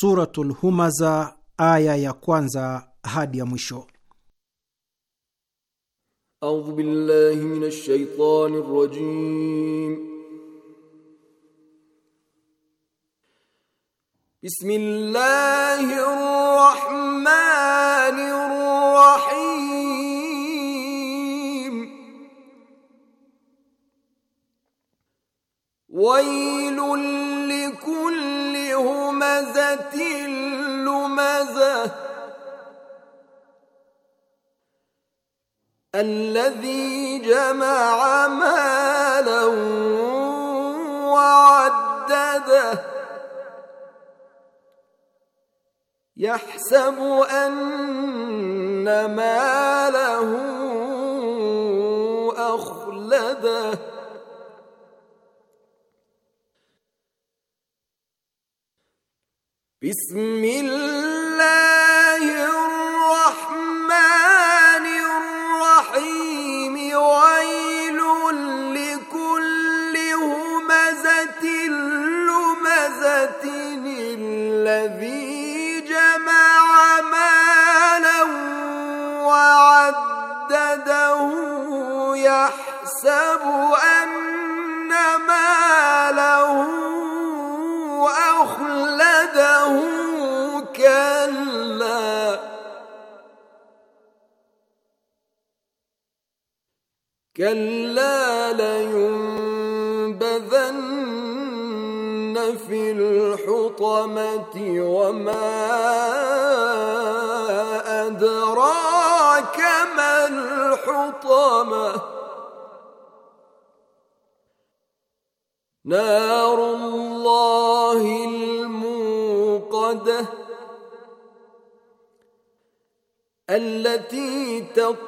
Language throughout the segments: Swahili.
Suratul Humaza aya ya kwanza hadi ya mwisho. A'udhu billahi minash shaitani rrajim. Bismillahir rahmanir rahim. Wailul همزة لمزة الذي جمع مالا وعدده يحسب أن ماله أخلده بسم الله الرحمن الرحيم ويل لكل همزة لمزة الذي كلا لينبذن في الحطمة وما أدراك ما الحطمة نار الله الموقدة التي تقوم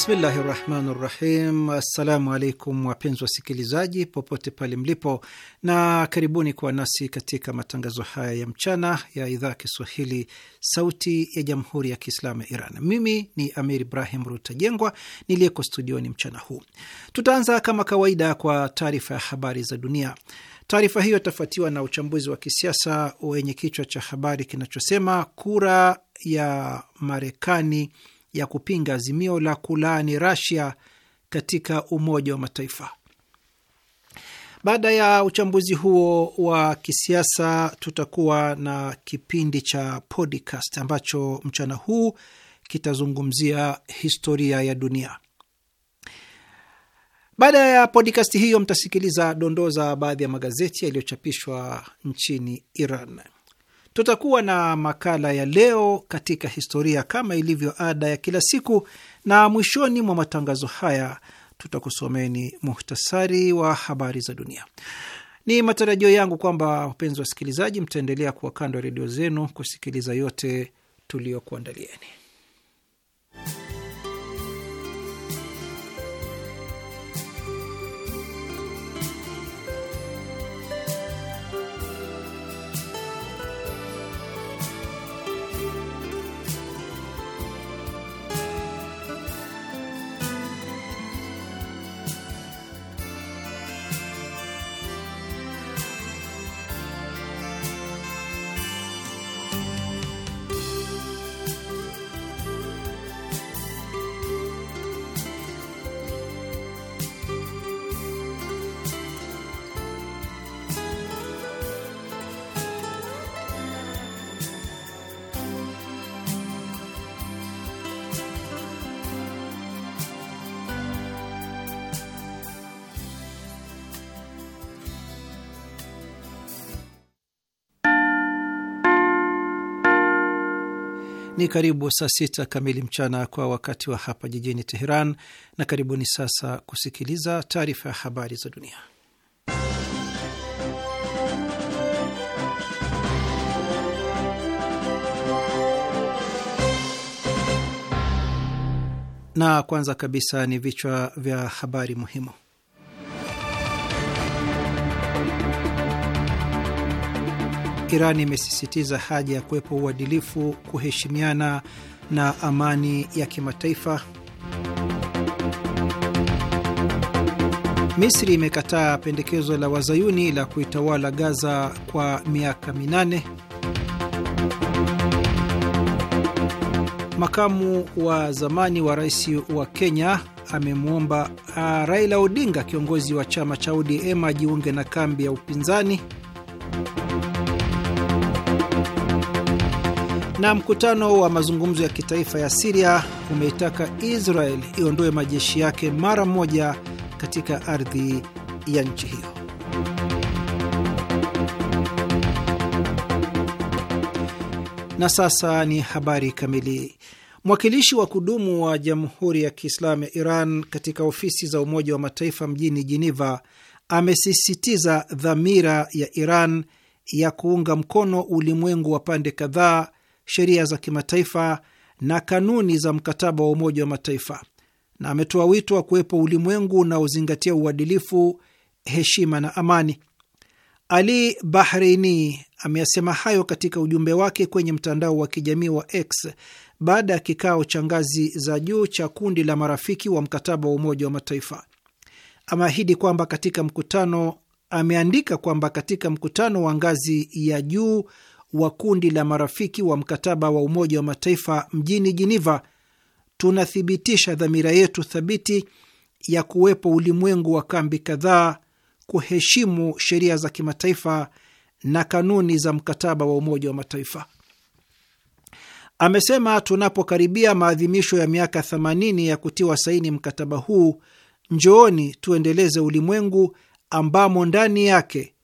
Bismillahi rahmani rahim. Assalamu alaikum wapenzi wasikilizaji popote pale mlipo, na karibuni kuwa nasi katika matangazo haya ya mchana ya idhaa Kiswahili sauti ya jamhuri ya Kiislamu ya Iran. Mimi ni Amir Ibrahim Rutajengwa niliyeko studioni mchana huu. Tutaanza kama kawaida kwa taarifa ya habari za dunia. Taarifa hiyo itafuatiwa na uchambuzi wa kisiasa wenye kichwa cha habari kinachosema kura ya Marekani ya kupinga azimio la kulaani Rasia katika Umoja wa Mataifa. Baada ya uchambuzi huo wa kisiasa, tutakuwa na kipindi cha podcast ambacho mchana huu kitazungumzia historia ya dunia. Baada ya podcast hiyo, mtasikiliza dondoo za baadhi ya magazeti yaliyochapishwa nchini Iran. Tutakuwa na makala ya leo katika historia kama ilivyo ada ya kila siku, na mwishoni mwa matangazo haya tutakusomeni muhtasari wa habari za dunia. Ni matarajio yangu kwamba wapenzi wasikilizaji, mtaendelea kuwa kando ya redio zenu kusikiliza yote tuliyokuandalieni. Ni karibu saa sita kamili mchana kwa wakati wa hapa jijini Teheran, na karibuni sasa kusikiliza taarifa ya habari za dunia. Na kwanza kabisa ni vichwa vya habari muhimu. Iran imesisitiza haja ya kuwepo uadilifu, kuheshimiana na amani ya kimataifa. Misri imekataa pendekezo la wazayuni la kuitawala Gaza kwa miaka minane. Makamu wa zamani wa rais wa Kenya amemwomba ah, Raila Odinga, kiongozi wa chama cha ODM, ajiunge na kambi ya upinzani. Na mkutano wa mazungumzo ya kitaifa ya Siria umeitaka Israel iondoe majeshi yake mara moja katika ardhi ya nchi hiyo. Na sasa ni habari kamili. Mwakilishi wa kudumu wa Jamhuri ya Kiislamu ya Iran katika ofisi za Umoja wa Mataifa mjini Jeneva amesisitiza dhamira ya Iran ya kuunga mkono ulimwengu wa pande kadhaa sheria za kimataifa na kanuni za mkataba wa Umoja wa Mataifa, na ametoa wito wa kuwepo ulimwengu unaozingatia uadilifu, heshima na amani. Ali Bahreini ameyasema hayo katika ujumbe wake kwenye mtandao wa kijamii wa X baada ya kikao cha ngazi za juu cha kundi la marafiki wa mkataba wa Umoja wa Mataifa. Ameahidi kwamba katika mkutano ameandika kwamba katika mkutano wa ngazi ya juu wa kundi la marafiki wa mkataba wa Umoja wa Mataifa mjini Jiniva, tunathibitisha dhamira yetu thabiti ya kuwepo ulimwengu wa kambi kadhaa, kuheshimu sheria za kimataifa na kanuni za mkataba wa Umoja wa Mataifa. Amesema tunapokaribia maadhimisho ya miaka 80 ya kutiwa saini mkataba huu, njooni tuendeleze ulimwengu ambamo ndani yake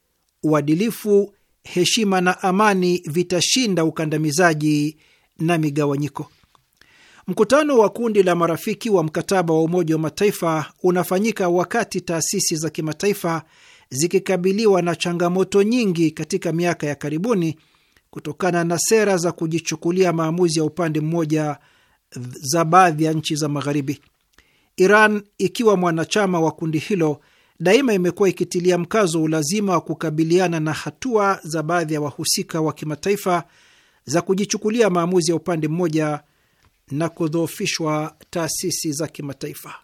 uadilifu heshima na amani vitashinda ukandamizaji na migawanyiko. Mkutano wa kundi la marafiki wa mkataba wa Umoja wa Mataifa unafanyika wakati taasisi za kimataifa zikikabiliwa na changamoto nyingi katika miaka ya karibuni kutokana na sera za kujichukulia maamuzi ya upande mmoja za baadhi ya nchi za Magharibi. Iran ikiwa mwanachama wa kundi hilo daima imekuwa ikitilia mkazo ulazima wa kukabiliana na hatua za baadhi ya wahusika wa kimataifa za kujichukulia maamuzi ya upande mmoja na kudhoofishwa taasisi za kimataifa.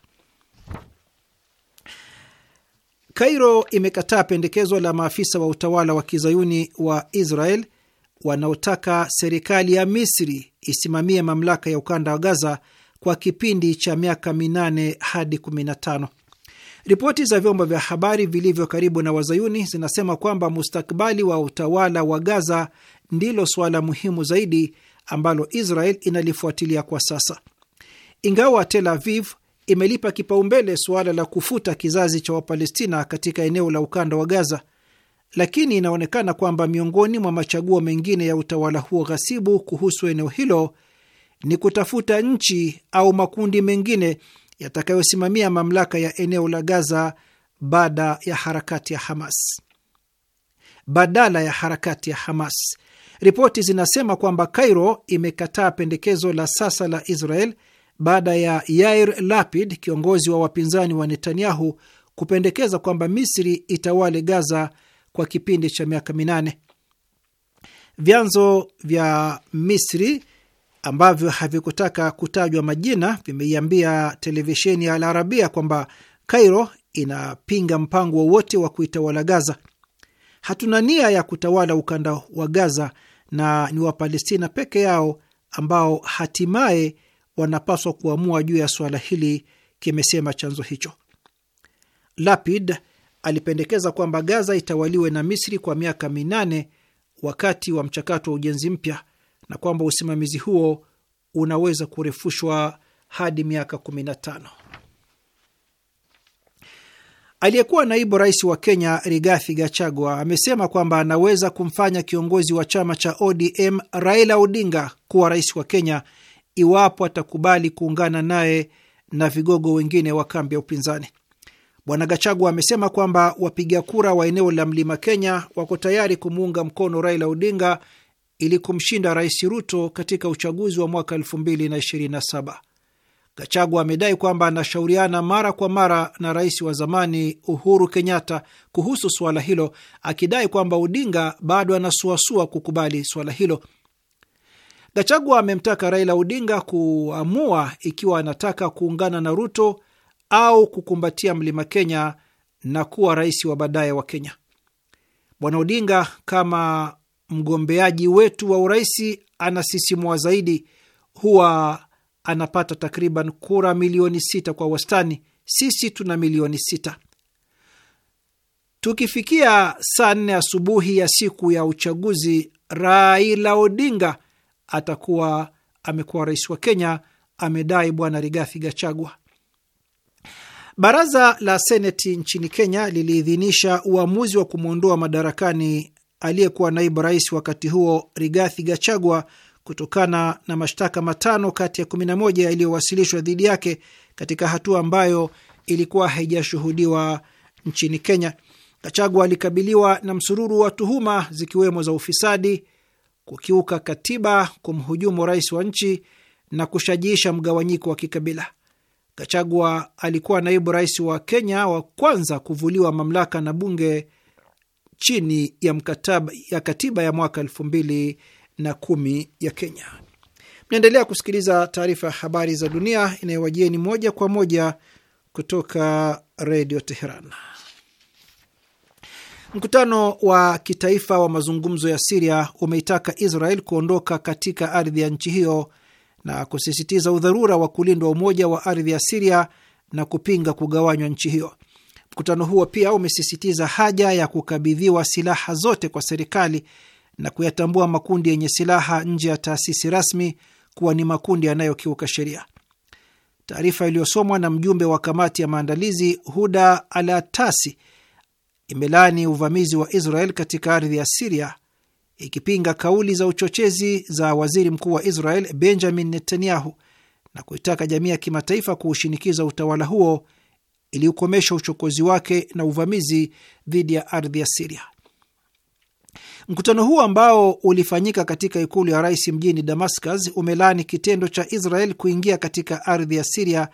Kairo imekataa pendekezo la maafisa wa utawala wa kizayuni wa Israel wanaotaka serikali ya Misri isimamie mamlaka ya ukanda wa Gaza kwa kipindi cha miaka minane hadi kumi na tano Ripoti za vyombo vya habari vilivyo karibu na wazayuni zinasema kwamba mustakbali wa utawala wa Gaza ndilo suala muhimu zaidi ambalo Israel inalifuatilia kwa sasa, ingawa Tel Aviv imelipa kipaumbele suala la kufuta kizazi cha Wapalestina katika eneo la ukanda wa Gaza, lakini inaonekana kwamba miongoni mwa machaguo mengine ya utawala huo ghasibu kuhusu eneo hilo ni kutafuta nchi au makundi mengine yatakayosimamia mamlaka ya eneo la Gaza baada ya harakati ya Hamas, badala ya harakati ya Hamas. Ripoti zinasema kwamba Cairo imekataa pendekezo la sasa la Israel baada ya Yair Lapid, kiongozi wa wapinzani wa Netanyahu, kupendekeza kwamba Misri itawale Gaza kwa kipindi cha miaka minane. Vyanzo vya Misri ambavyo havikutaka kutajwa majina vimeiambia televisheni ya alarabia kwamba Cairo inapinga mpango wowote wa kuitawala Gaza. Hatuna nia ya kutawala ukanda wa Gaza na ni Wapalestina peke yao ambao hatimaye wanapaswa kuamua juu ya suala hili, kimesema chanzo hicho. Lapid alipendekeza kwamba Gaza itawaliwe na Misri kwa miaka minane wakati wa mchakato wa ujenzi mpya na kwamba usimamizi huo unaweza kurefushwa hadi miaka 15. Aliyekuwa naibu rais wa Kenya Rigathi Gachagua amesema kwamba anaweza kumfanya kiongozi wa chama cha ODM Raila Odinga kuwa rais wa Kenya iwapo atakubali kuungana naye na vigogo wengine wa kambi ya upinzani. Bwana Gachagua amesema kwamba wapiga kura wa eneo la mlima Kenya wako tayari kumuunga mkono Raila Odinga ili kumshinda Rais Ruto katika uchaguzi wa mwaka 2027. Gachagua amedai kwamba anashauriana mara kwa mara na rais wa zamani Uhuru Kenyatta kuhusu suala hilo, akidai kwamba Odinga bado anasuasua kukubali suala hilo. Gachagua amemtaka Raila Odinga kuamua ikiwa anataka kuungana na Ruto au kukumbatia mlima Kenya na kuwa rais wa baadaye wa Kenya. Bwana Odinga kama mgombeaji wetu wa uraisi anasisimua zaidi, huwa anapata takriban kura milioni sita kwa wastani. Sisi tuna milioni sita. Tukifikia saa nne asubuhi ya siku ya uchaguzi, Raila Odinga atakuwa amekuwa rais wa Kenya, amedai Bwana Rigathi Gachagua. Baraza la Seneti nchini Kenya liliidhinisha uamuzi wa kumwondoa madarakani aliyekuwa naibu rais wakati huo Rigathi Gachagua kutokana na mashtaka matano kati ya 11 yaliyowasilishwa dhidi yake katika hatua ambayo ilikuwa haijashuhudiwa nchini Kenya. Gachagua alikabiliwa na msururu wa tuhuma zikiwemo za ufisadi, kukiuka katiba, kumhujumu rais wa nchi na kushajiisha mgawanyiko wa kikabila. Gachagua alikuwa naibu rais wa Kenya wa kwanza kuvuliwa mamlaka na bunge chini ya mkataba ya katiba ya mwaka elfu mbili na kumi ya Kenya. Mnaendelea kusikiliza taarifa ya habari za dunia inayowajieni moja kwa moja kutoka redio Teheran. Mkutano wa kitaifa wa mazungumzo ya Siria umeitaka Israel kuondoka katika ardhi ya nchi hiyo na kusisitiza udharura wa kulindwa umoja wa ardhi ya Siria na kupinga kugawanywa nchi hiyo. Mkutano huo pia umesisitiza haja ya kukabidhiwa silaha zote kwa serikali na kuyatambua makundi yenye silaha nje ya taasisi rasmi kuwa ni makundi yanayokiuka sheria. Taarifa iliyosomwa na mjumbe wa kamati ya maandalizi Huda Alatasi imelaani uvamizi wa Israel katika ardhi ya Siria, ikipinga kauli za uchochezi za waziri mkuu wa Israel Benjamin Netanyahu na kuitaka jamii ya kimataifa kuushinikiza utawala huo iliyokomesha uchokozi wake na uvamizi dhidi ya ardhi ya Siria. Mkutano huo ambao ulifanyika katika ikulu ya rais mjini Damascus umelaani kitendo cha Israel kuingia katika ardhi ya Siria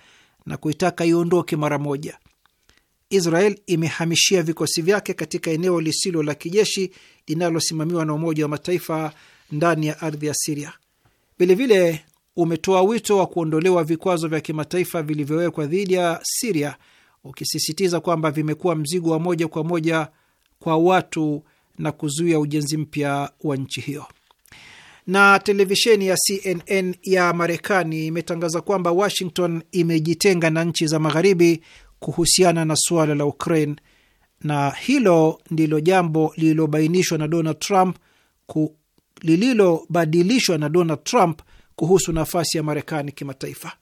na kuitaka iondoke mara moja. Israel imehamishia vikosi vyake katika eneo lisilo la kijeshi linalosimamiwa na Umoja wa Mataifa ndani ya ardhi ya Siria. Vilevile umetoa wito wa kuondolewa vikwazo vya kimataifa vilivyowekwa dhidi ya Siria ukisisitiza kwamba vimekuwa mzigo wa moja kwa moja kwa watu na kuzuia ujenzi mpya wa nchi hiyo. Na televisheni ya CNN ya Marekani imetangaza kwamba Washington imejitenga na nchi za Magharibi kuhusiana na suala la Ukraine, na hilo ndilo jambo lililobainishwa na Donald Trump ku, lililobadilishwa na Donald Trump kuhusu nafasi ya Marekani kimataifa.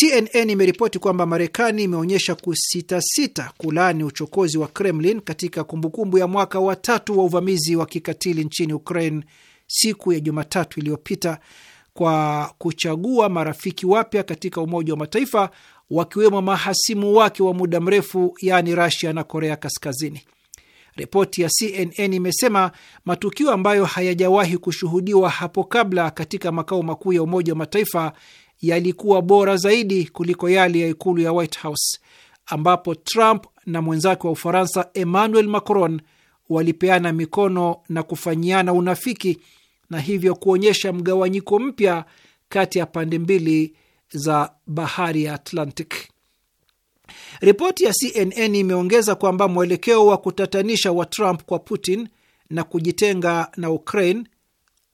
CNN imeripoti kwamba Marekani imeonyesha kusitasita kulaani uchokozi wa Kremlin katika kumbukumbu ya mwaka wa tatu wa uvamizi wa kikatili nchini Ukraine siku ya Jumatatu iliyopita kwa kuchagua marafiki wapya katika Umoja wa Mataifa wakiwemo mahasimu wake wa muda mrefu yaani Russia na Korea Kaskazini. Ripoti ya CNN imesema matukio ambayo hayajawahi kushuhudiwa hapo kabla katika makao makuu ya Umoja wa Mataifa yalikuwa bora zaidi kuliko yale ya ikulu ya White House ambapo Trump na mwenzake wa Ufaransa Emmanuel Macron walipeana mikono na kufanyiana unafiki na hivyo kuonyesha mgawanyiko mpya kati ya pande mbili za bahari ya Atlantic. Ripoti ya CNN imeongeza kwamba mwelekeo wa kutatanisha wa Trump kwa Putin na kujitenga na Ukraine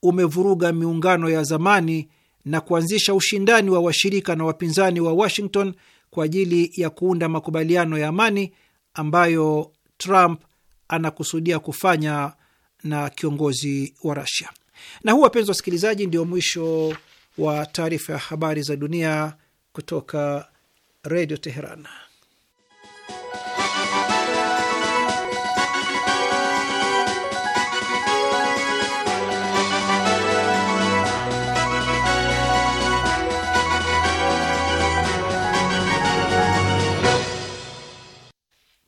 umevuruga miungano ya zamani na kuanzisha ushindani wa washirika na wapinzani wa Washington kwa ajili ya kuunda makubaliano ya amani ambayo Trump anakusudia kufanya na kiongozi wa Russia. Na huu, wapenzi wasikilizaji, ndio mwisho wa taarifa ya habari za dunia kutoka Redio Teheran.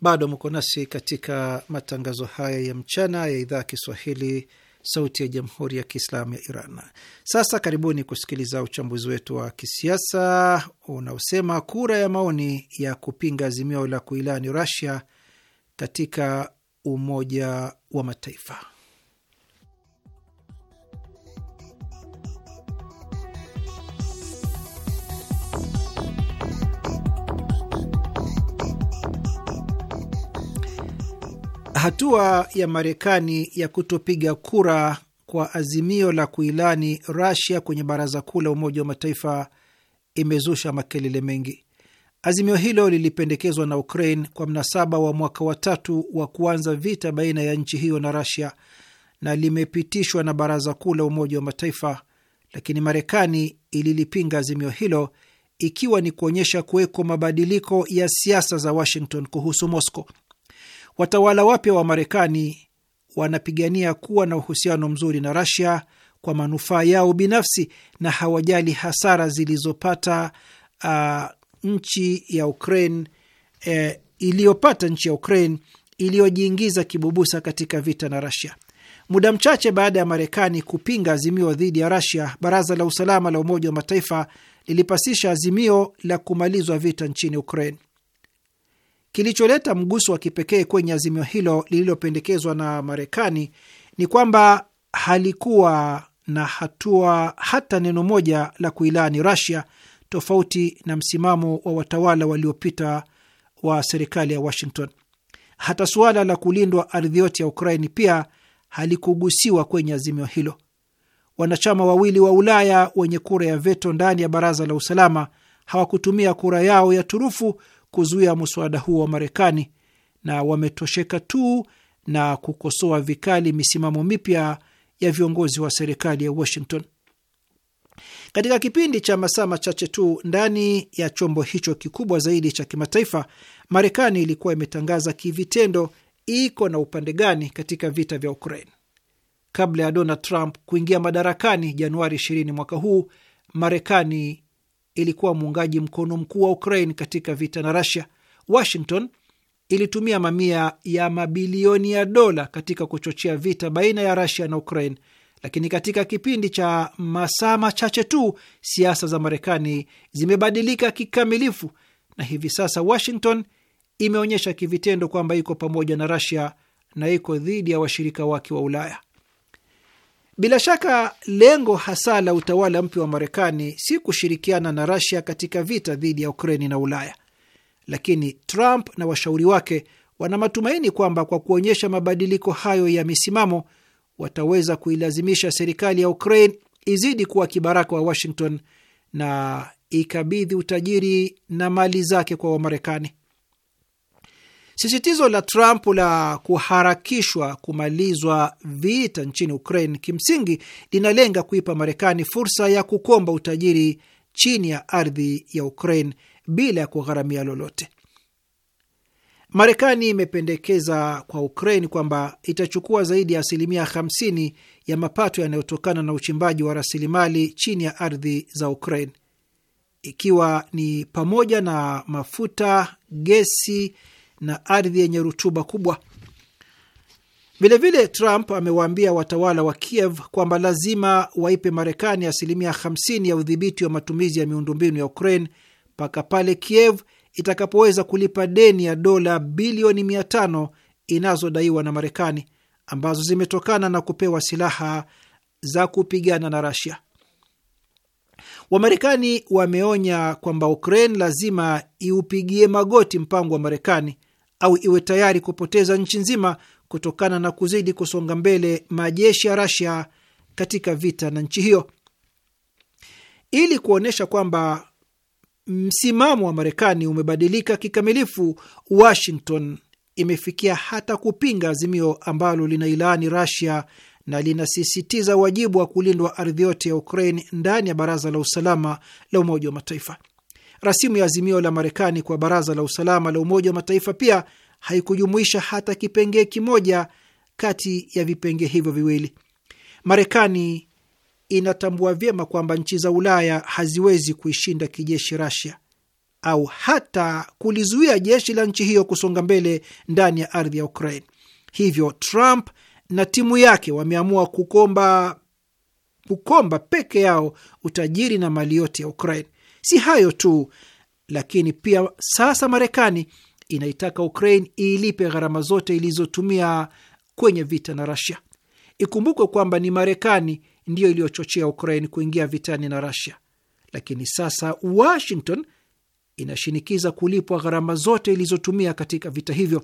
Bado mko nasi katika matangazo haya ya mchana ya idhaa ya Kiswahili, Sauti ya Jamhuri ya Kiislamu ya Iran. Sasa karibuni kusikiliza uchambuzi wetu wa kisiasa unaosema kura ya maoni ya kupinga azimio la kuilani rasia katika Umoja wa Mataifa. Hatua ya Marekani ya kutopiga kura kwa azimio la kuilani rasia kwenye baraza kuu la Umoja wa Mataifa imezusha makelele mengi. Azimio hilo lilipendekezwa na Ukraine kwa mnasaba wa mwaka wa tatu wa kuanza vita baina ya nchi hiyo na rasia na limepitishwa na baraza kuu la Umoja wa Mataifa, lakini Marekani ililipinga azimio hilo ikiwa ni kuonyesha kuweko mabadiliko ya siasa za Washington kuhusu Moscow. Watawala wapya wa Marekani wanapigania kuwa na uhusiano mzuri na Rasia kwa manufaa yao binafsi na hawajali hasara zilizopata uh, nchi ya Ukraine eh, iliyopata nchi ya Ukraine iliyojiingiza kibubusa katika vita na Rasia. Muda mchache baada ya Marekani kupinga azimio dhidi ya Rasia, Baraza la Usalama la Umoja wa Mataifa lilipasisha azimio la kumalizwa vita nchini Ukraine. Kilicholeta mguso wa kipekee kwenye azimio hilo lililopendekezwa na Marekani ni kwamba halikuwa na hatua hata neno moja la kuilani Russia, tofauti na msimamo wa watawala waliopita wa serikali ya Washington. Hata suala la kulindwa ardhi yote ya Ukraini pia halikugusiwa kwenye azimio hilo. Wanachama wawili wa Ulaya wenye kura ya veto ndani ya Baraza la Usalama hawakutumia kura yao ya turufu kuzuia mswada huo wa Marekani na wametosheka tu na kukosoa vikali misimamo mipya ya viongozi wa serikali ya Washington. Katika kipindi cha masaa machache tu ndani ya chombo hicho kikubwa zaidi cha kimataifa, Marekani ilikuwa imetangaza kivitendo iko na upande gani katika vita vya Ukraine. Kabla ya Donald Trump kuingia madarakani Januari 20 mwaka huu, Marekani ilikuwa muungaji mkono mkuu wa Ukraine katika vita na Russia. Washington ilitumia mamia ya mabilioni ya dola katika kuchochea vita baina ya Russia na Ukraine, lakini katika kipindi cha masaa machache tu siasa za Marekani zimebadilika kikamilifu, na hivi sasa Washington imeonyesha kivitendo kwamba iko pamoja na Russia na iko dhidi ya washirika wake wa Ulaya. Bila shaka lengo hasa la utawala mpya wa Marekani si kushirikiana na Rasia katika vita dhidi ya Ukraini na Ulaya, lakini Trump na washauri wake wana matumaini kwamba kwa kuonyesha mabadiliko hayo ya misimamo wataweza kuilazimisha serikali ya Ukraine izidi kuwa kibaraka wa Washington na ikabidhi utajiri na mali zake kwa Wamarekani. Sisitizo la Trump la kuharakishwa kumalizwa vita nchini Ukraine kimsingi linalenga kuipa Marekani fursa ya kukomba utajiri chini ya ardhi ya Ukraine bila ya kugharamia lolote. Marekani imependekeza kwa Ukraine kwamba itachukua zaidi ya asilimia 50 ya mapato yanayotokana na uchimbaji wa rasilimali chini ya ardhi za Ukraine, ikiwa ni pamoja na mafuta, gesi na ardhi yenye rutuba kubwa. Vilevile, Trump amewaambia watawala wa Kiev kwamba lazima waipe Marekani asilimia 50 ya udhibiti wa matumizi ya miundombinu ya Ukraine mpaka pale Kiev itakapoweza kulipa deni ya dola bilioni 500 inazodaiwa na Marekani ambazo zimetokana na kupewa silaha za kupigana na rasia Wamarekani wameonya kwamba Ukraine lazima iupigie magoti mpango wa Marekani au iwe tayari kupoteza nchi nzima kutokana na kuzidi kusonga mbele majeshi ya Rasia katika vita na nchi hiyo. Ili kuonyesha kwamba msimamo wa Marekani umebadilika kikamilifu, Washington imefikia hata kupinga azimio ambalo linailaani Rasia na linasisitiza wajibu wa kulindwa ardhi yote ya Ukraine ndani ya Baraza la Usalama la Umoja wa Mataifa. Rasimu ya azimio la Marekani kwa Baraza la Usalama la Umoja wa Mataifa pia haikujumuisha hata kipengee kimoja kati ya vipengee hivyo viwili. Marekani inatambua vyema kwamba nchi za Ulaya haziwezi kuishinda kijeshi Rasia au hata kulizuia jeshi la nchi hiyo kusonga mbele ndani ya ardhi ya Ukraine. Hivyo Trump na timu yake wameamua kukomba kukomba peke yao utajiri na mali yote ya Ukraine. Si hayo tu, lakini pia sasa Marekani inaitaka Ukraine iilipe gharama zote ilizotumia kwenye vita na Rasia. Ikumbukwe kwamba ni Marekani ndiyo iliyochochea Ukraine kuingia vitani na Rasia, lakini sasa Washington inashinikiza kulipwa gharama zote ilizotumia katika vita hivyo.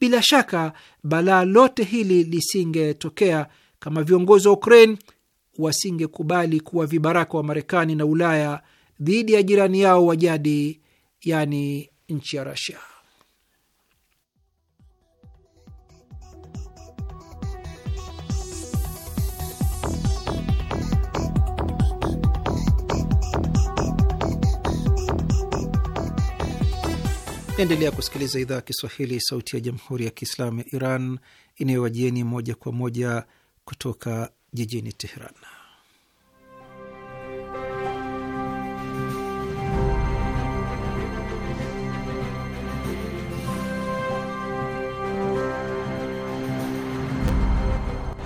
Bila shaka balaa lote hili lisingetokea kama viongozi wa Ukraine wasingekubali kuwa vibaraka wa Marekani na Ulaya dhidi ya jirani yao wa jadi, yani nchi ya Rasia. Endelea kusikiliza idhaa ya Kiswahili, sauti ya jamhuri ya kiislamu ya Iran inayowajieni moja kwa moja kutoka jijini Teheran.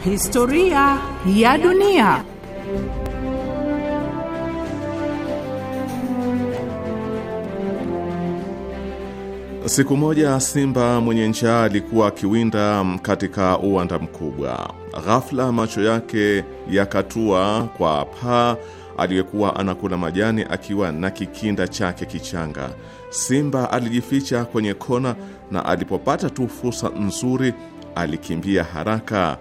Historia ya dunia. Siku moja simba mwenye njaa alikuwa akiwinda katika uwanda mkubwa. Ghafla macho yake yakatua kwa paa aliyekuwa anakula majani akiwa na kikinda chake kichanga. Simba alijificha kwenye kona na alipopata tu fursa nzuri alikimbia haraka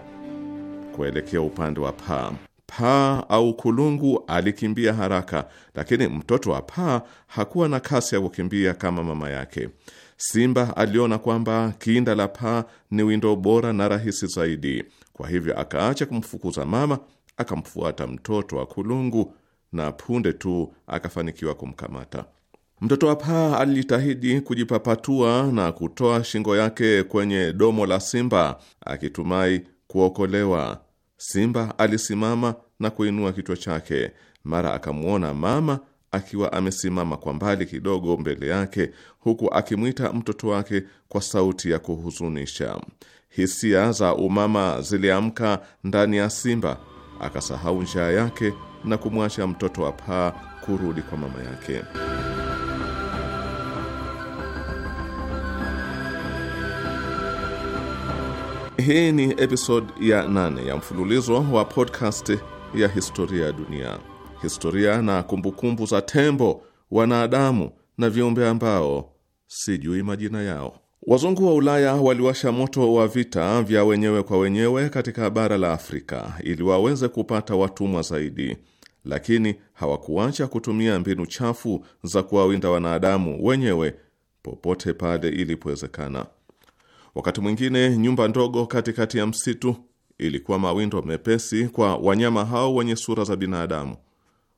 kuelekea upande wa paa. Paa au kulungu alikimbia haraka, lakini mtoto wa paa hakuwa na kasi ya kukimbia kama mama yake. Simba aliona kwamba kinda la paa ni windo bora na rahisi zaidi, kwa hivyo akaacha kumfukuza mama, akamfuata mtoto wa kulungu na punde tu akafanikiwa kumkamata. Mtoto wa paa alijitahidi kujipapatua na kutoa shingo yake kwenye domo la simba akitumai kuokolewa. Simba alisimama na kuinua kichwa chake, mara akamwona mama akiwa amesimama kwa mbali kidogo mbele yake, huku akimwita mtoto wake kwa sauti ya kuhuzunisha. Hisia za umama ziliamka ndani ya Simba, akasahau njaa yake na kumwacha mtoto wa paa kurudi kwa mama yake. Hii ni episode ya nane ya mfululizo wa podcast ya historia ya dunia, historia na kumbukumbu za tembo, wanadamu na viumbe ambao sijui majina yao. Wazungu wa Ulaya waliwasha moto wa vita vya wenyewe kwa wenyewe katika bara la Afrika ili waweze kupata watumwa zaidi, lakini hawakuacha kutumia mbinu chafu za kuwawinda wanadamu wenyewe popote pale ilipowezekana. Wakati mwingine nyumba ndogo katikati ya msitu ilikuwa mawindo mepesi kwa wanyama hao wenye sura za binadamu.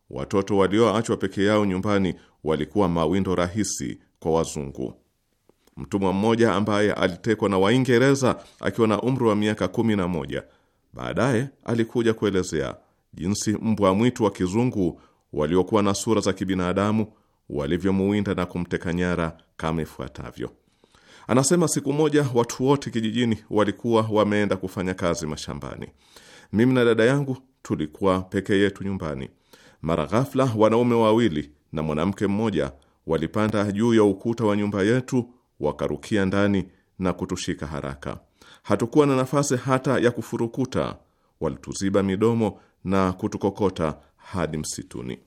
Watoto walioachwa peke yao nyumbani walikuwa mawindo rahisi kwa wazungu. Mtumwa mmoja ambaye alitekwa na Waingereza akiwa na umri wa miaka kumi na moja baadaye alikuja kuelezea jinsi mbwa mwitu wa kizungu waliokuwa na sura za kibinadamu walivyomuwinda na kumteka nyara kama ifuatavyo. Anasema siku moja watu wote kijijini walikuwa wameenda kufanya kazi mashambani. Mimi na dada yangu tulikuwa peke yetu nyumbani. Mara ghafla, wanaume wawili na mwanamke mmoja walipanda juu ya ukuta wa nyumba yetu, wakarukia ndani na kutushika haraka. Hatukuwa na nafasi hata ya kufurukuta. Walituziba midomo na kutukokota hadi msituni.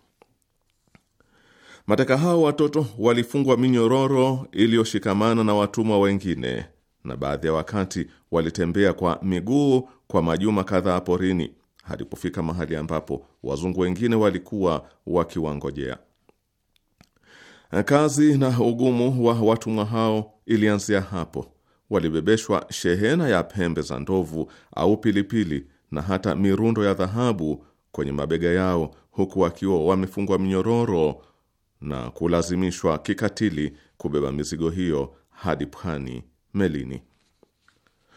Mateka hao watoto walifungwa minyororo iliyoshikamana na watumwa wengine, na baadhi ya wakati walitembea kwa miguu kwa majuma kadhaa porini hadi kufika mahali ambapo wazungu wengine walikuwa wakiwangojea. Kazi na ugumu wa watumwa hao ilianzia hapo. Walibebeshwa shehena ya pembe za ndovu au pilipili na hata mirundo ya dhahabu kwenye mabega yao, huku wakiwa wamefungwa minyororo na kulazimishwa kikatili kubeba mizigo hiyo hadi pwani melini.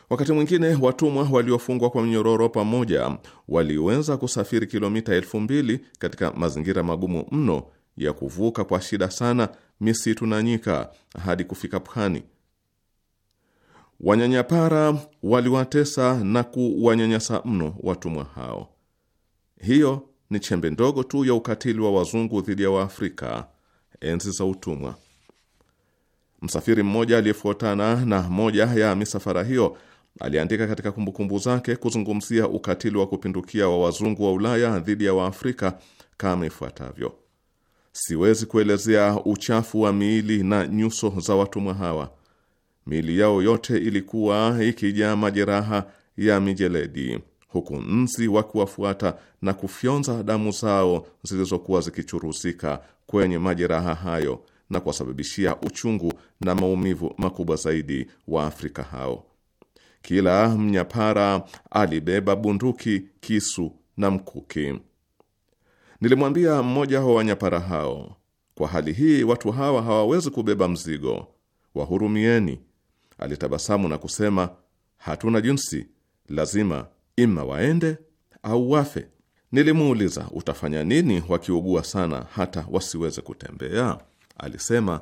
Wakati mwingine watumwa waliofungwa kwa mnyororo pamoja waliweza kusafiri kilomita elfu mbili katika mazingira magumu mno ya kuvuka kwa shida sana misitu na nyika hadi kufika pwani. Wanyanyapara waliwatesa na kuwanyanyasa mno watumwa hao. Hiyo ni chembe ndogo tu ya ukatili wa wazungu dhidi ya Waafrika enzi za utumwa. Msafiri mmoja aliyefuatana na moja ya misafara hiyo aliandika katika kumbukumbu zake kuzungumzia ukatili wa kupindukia wa wazungu wa Ulaya dhidi ya Waafrika kama ifuatavyo: siwezi kuelezea uchafu wa miili na nyuso za watumwa hawa. Miili yao yote ilikuwa ikijaa majeraha ya mijeledi huku nzi wakiwafuata na kufyonza damu zao zilizokuwa zikichuruzika kwenye majeraha hayo na kuwasababishia uchungu na maumivu makubwa zaidi wa Afrika hao. Kila mnyapara alibeba bunduki, kisu na mkuki. Nilimwambia mmoja wa wanyapara hao, kwa hali hii watu hawa hawawezi kubeba mzigo, wahurumieni. Alitabasamu na kusema, hatuna jinsi, lazima ima waende au wafe. Nilimuuliza, utafanya nini wakiugua sana hata wasiweze kutembea? Alisema,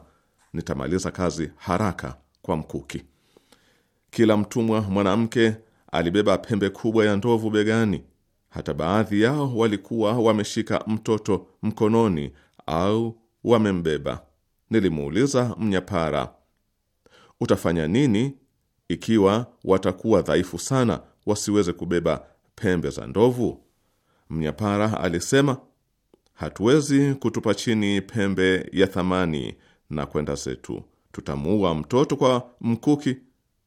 nitamaliza kazi haraka kwa mkuki. Kila mtumwa mwanamke alibeba pembe kubwa ya ndovu begani. Hata baadhi yao walikuwa wameshika mtoto mkononi au wamembeba. Nilimuuliza mnyapara, utafanya nini ikiwa watakuwa dhaifu sana wasiweze kubeba pembe za ndovu? Mnyapara alisema, hatuwezi kutupa chini pembe ya thamani na kwenda zetu. Tutamuua mtoto kwa mkuki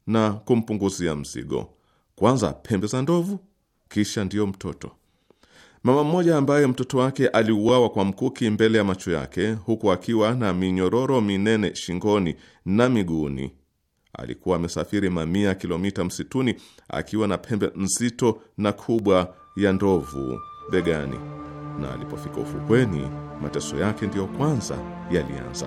na kumpunguzia mzigo. Kwanza pembe za ndovu, kisha ndiyo mtoto. Mama mmoja ambaye mtoto wake aliuawa kwa mkuki mbele ya macho yake, huku akiwa na minyororo minene shingoni na miguuni, Alikuwa amesafiri mamia kilomita msituni akiwa na pembe nzito na kubwa ya ndovu begani, na alipofika ufukweni, mateso yake ndiyo kwanza yalianza.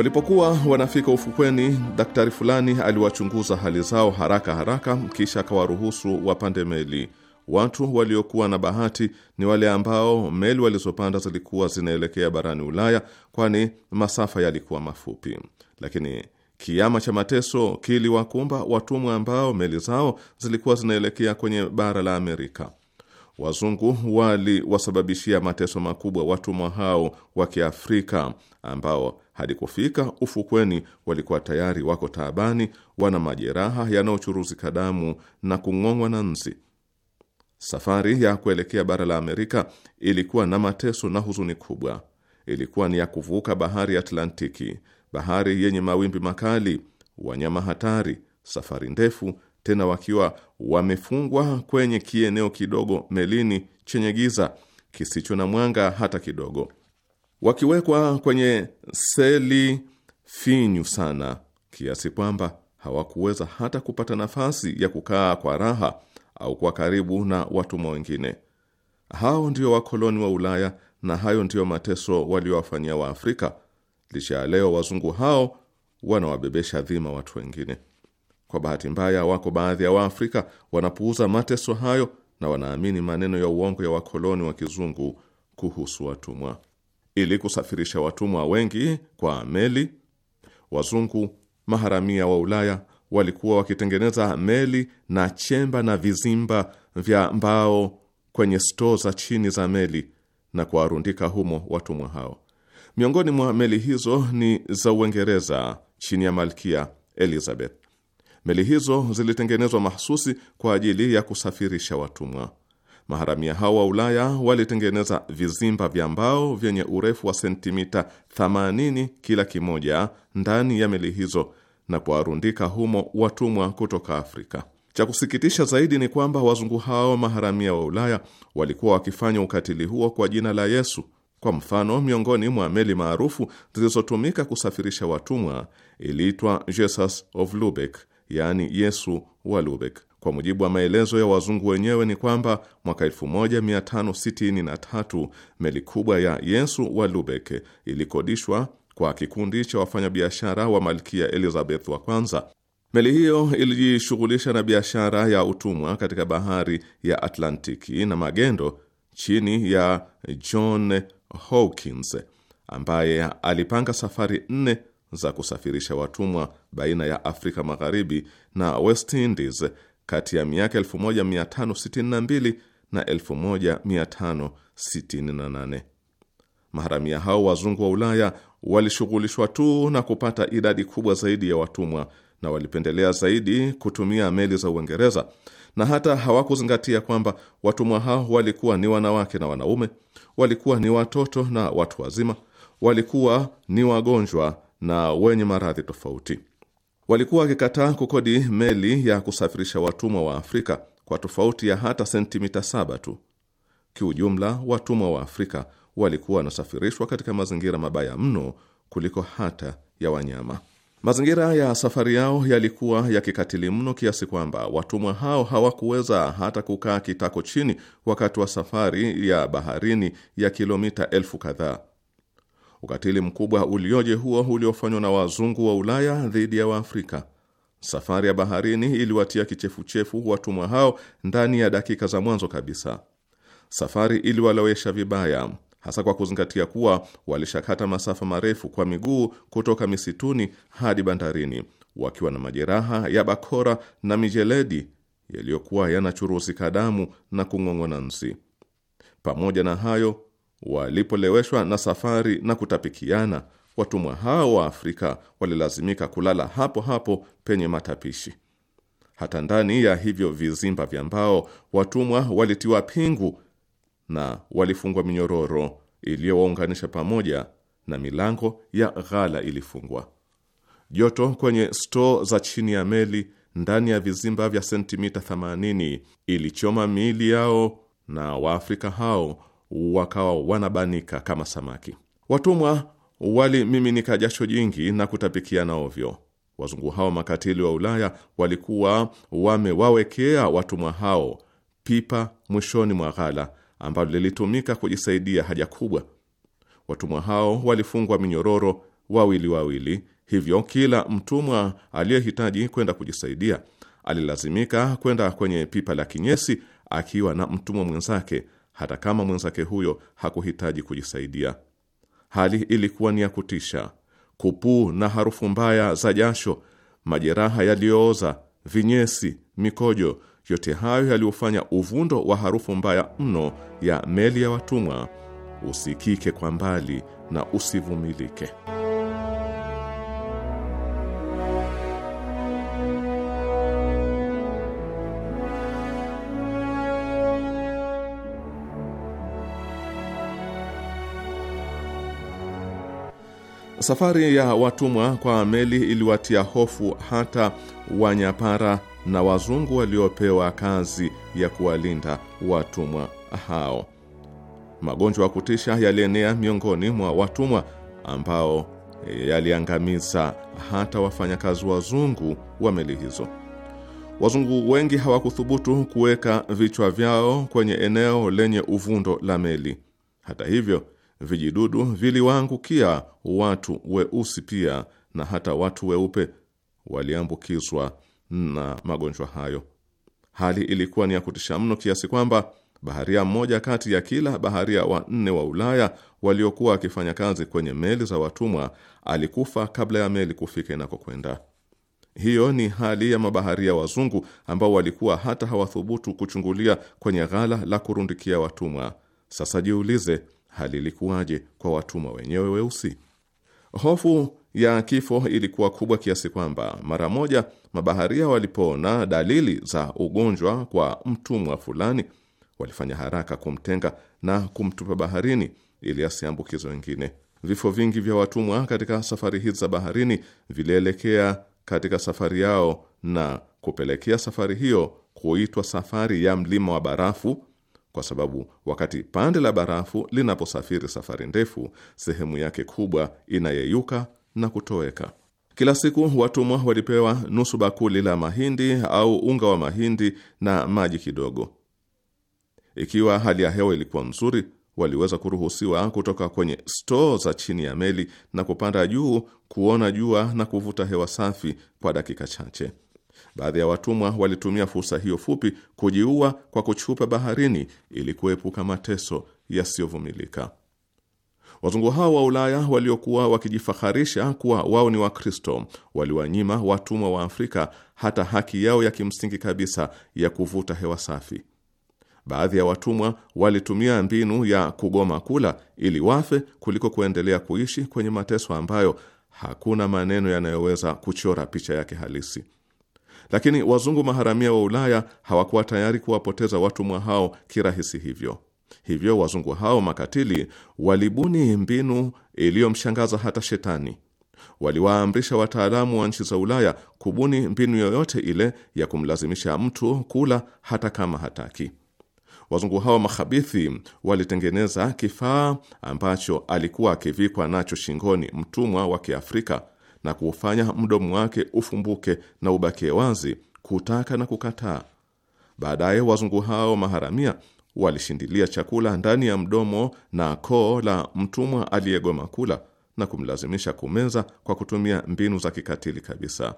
Walipokuwa wanafika ufukweni, daktari fulani aliwachunguza hali zao haraka haraka, kisha akawaruhusu wapande meli. Watu waliokuwa na bahati ni wale ambao meli walizopanda zilikuwa zinaelekea barani Ulaya, kwani masafa yalikuwa mafupi. Lakini kiama cha mateso kiliwakumba watumwa ambao meli zao zilikuwa zinaelekea kwenye bara la Amerika. Wazungu waliwasababishia mateso makubwa watumwa hao wa Kiafrika ambao hadi kufika ufukweni walikuwa tayari wako taabani, wana majeraha yanayochuruzika damu na kung'ongwa na nzi. Safari ya kuelekea bara la Amerika ilikuwa na mateso na huzuni kubwa. Ilikuwa ni ya kuvuka bahari ya Atlantiki, bahari yenye mawimbi makali, wanyama hatari, safari ndefu, tena wakiwa wamefungwa kwenye kieneo kidogo melini chenye giza kisicho na mwanga hata kidogo wakiwekwa kwenye seli finyu sana kiasi kwamba hawakuweza hata kupata nafasi ya kukaa kwa raha au kwa karibu na watumwa wengine. Hao ndio wakoloni wa Ulaya na hayo ndiyo mateso waliowafanyia Waafrika. Licha ya leo wazungu hao wanawabebesha dhima watu wengine. Kwa bahati mbaya, wako baadhi ya Waafrika wanapuuza mateso hayo na wanaamini maneno ya uongo ya wakoloni wa kizungu kuhusu watumwa ili kusafirisha watumwa wengi kwa meli. Wazungu maharamia wa Ulaya walikuwa wakitengeneza meli na chemba na vizimba vya mbao kwenye stoo za chini za meli na kuwarundika humo watumwa hao. Miongoni mwa meli hizo ni za Uingereza chini ya Malkia Elizabeth. Meli hizo zilitengenezwa mahsusi kwa ajili ya kusafirisha watumwa. Maharamia hao wa Ulaya walitengeneza vizimba vya mbao vyenye urefu wa sentimita 80 kila kimoja ndani ya meli hizo na kuwarundika humo watumwa kutoka Afrika. Cha kusikitisha zaidi ni kwamba wazungu hao maharamia wa Ulaya walikuwa wakifanya ukatili huo kwa jina la Yesu. Kwa mfano, miongoni mwa meli maarufu zilizotumika kusafirisha watumwa iliitwa Jesus of Lubeck, yaani Yesu wa Lubeck. Kwa mujibu wa maelezo ya wazungu wenyewe ni kwamba mwaka 1563 meli kubwa ya Yesu wa Lubek ilikodishwa kwa kikundi cha wafanyabiashara wa Malkia Elizabeth wa kwanza. Meli hiyo ilijishughulisha na biashara ya utumwa katika bahari ya Atlantiki na magendo chini ya John Hawkins ambaye alipanga safari nne za kusafirisha watumwa baina ya Afrika Magharibi na West Indies kati ya miaka 1562 na 1568. Maharamia hao wazungu wa Ulaya walishughulishwa tu na kupata idadi kubwa zaidi ya watumwa na walipendelea zaidi kutumia meli za Uingereza na hata hawakuzingatia kwamba watumwa hao walikuwa ni wanawake na wanaume, walikuwa ni watoto na watu wazima, walikuwa ni wagonjwa na wenye maradhi tofauti walikuwa wakikataa kukodi meli ya kusafirisha watumwa wa Afrika kwa tofauti ya hata sentimita saba tu. Kiujumla, watumwa wa Afrika walikuwa wanasafirishwa katika mazingira mabaya mno kuliko hata ya wanyama. Mazingira ya safari yao yalikuwa yakikatili mno kiasi kwamba watumwa hao hawakuweza hata kukaa kitako chini wakati wa safari ya baharini ya kilomita elfu kadhaa ukatili mkubwa ulioje huo uliofanywa na wazungu wa Ulaya dhidi ya Waafrika. Safari ya baharini iliwatia kichefuchefu watumwa hao ndani ya dakika za mwanzo kabisa. Safari iliwalowesha vibaya, hasa kwa kuzingatia kuwa walishakata masafa marefu kwa miguu kutoka misituni hadi bandarini, wakiwa na majeraha ya bakora na mijeledi yaliyokuwa yanachuruzika damu na kung'ong'ona nzi. Pamoja na hayo Walipoleweshwa na safari na kutapikiana, watumwa hao wa Afrika walilazimika kulala hapo hapo penye matapishi. Hata ndani ya hivyo vizimba vya mbao, watumwa walitiwa pingu na walifungwa minyororo iliyowaunganisha pamoja, na milango ya ghala ilifungwa. Joto kwenye stoo za chini ya meli ndani ya vizimba vya sentimita 80 ilichoma miili yao, na Waafrika hao wakawa wanabanika kama samaki. Watumwa walimiminika jasho jingi na kutapikiana ovyo. Wazungu hao makatili wa Ulaya walikuwa wamewawekea watumwa hao pipa mwishoni mwa ghala ambalo lilitumika kujisaidia haja kubwa. Watumwa hao walifungwa minyororo wawili wawili, hivyo kila mtumwa aliyehitaji kwenda kujisaidia alilazimika kwenda kwenye pipa la kinyesi akiwa na mtumwa mwenzake hata kama mwenzake huyo hakuhitaji kujisaidia. Hali ilikuwa ni ya kutisha, kupuu na harufu mbaya za jasho, majeraha yaliyooza, vinyesi, mikojo, yote hayo yaliofanya uvundo wa harufu mbaya mno ya meli ya watumwa usikike kwa mbali na usivumilike. Safari ya watumwa kwa meli iliwatia hofu hata wanyapara na wazungu waliopewa kazi ya kuwalinda watumwa hao. Magonjwa ya kutisha yalienea miongoni mwa watumwa ambao yaliangamiza hata wafanyakazi wazungu wa meli hizo. Wazungu wengi hawakuthubutu kuweka vichwa vyao kwenye eneo lenye uvundo la meli. Hata hivyo Vijidudu viliwaangukia watu weusi pia, na hata watu weupe waliambukizwa na magonjwa hayo. Hali ilikuwa ni ya kutisha mno kiasi kwamba baharia mmoja kati ya kila baharia wanne wa Ulaya waliokuwa wakifanya kazi kwenye meli za watumwa alikufa kabla ya meli kufika inakokwenda. Hiyo ni hali ya mabaharia wazungu ambao walikuwa hata hawathubutu kuchungulia kwenye ghala la kurundikia watumwa. Sasa jiulize, hali ilikuwaje kwa watumwa wenyewe weusi? Hofu ya kifo ilikuwa kubwa kiasi kwamba mara moja mabaharia walipoona dalili za ugonjwa kwa mtumwa fulani, walifanya haraka kumtenga na kumtupa baharini ili asiambukizo wengine. Vifo vingi vya watumwa katika safari hizi za baharini vilielekea katika safari yao na kupelekea safari hiyo kuitwa safari ya mlima wa barafu kwa sababu wakati pande la barafu linaposafiri safari ndefu, sehemu yake kubwa inayeyuka na kutoweka. Kila siku watumwa walipewa nusu bakuli la mahindi au unga wa mahindi na maji kidogo. Ikiwa hali ya hewa ilikuwa nzuri, waliweza kuruhusiwa kutoka kwenye stoo za chini ya meli na kupanda juu kuona jua na kuvuta hewa safi kwa dakika chache. Baadhi ya watumwa walitumia fursa hiyo fupi kujiua kwa kuchupa baharini ili kuepuka mateso yasiyovumilika. Wazungu hao wa Ulaya waliokuwa wakijifaharisha kuwa wao ni Wakristo waliwanyima watumwa wa Afrika hata haki yao ya kimsingi kabisa ya kuvuta hewa safi. Baadhi ya watumwa walitumia mbinu ya kugoma kula ili wafe kuliko kuendelea kuishi kwenye mateso ambayo hakuna maneno yanayoweza kuchora picha yake halisi lakini wazungu maharamia wa Ulaya hawakuwa tayari kuwapoteza watumwa hao kirahisi hivyo. Hivyo wazungu hao makatili walibuni mbinu iliyomshangaza hata Shetani. Waliwaamrisha wataalamu wa nchi za Ulaya kubuni mbinu yoyote ile ya kumlazimisha mtu kula hata kama hataki. Wazungu hao makhabithi walitengeneza kifaa ambacho alikuwa akivikwa nacho shingoni mtumwa wa Kiafrika na kuufanya mdomo wake ufumbuke na ubakie wazi kutaka na kukataa. Baadaye wazungu hao maharamia walishindilia chakula ndani ya mdomo na koo la mtumwa aliyegoma kula na kumlazimisha kumeza kwa kutumia mbinu za kikatili kabisa.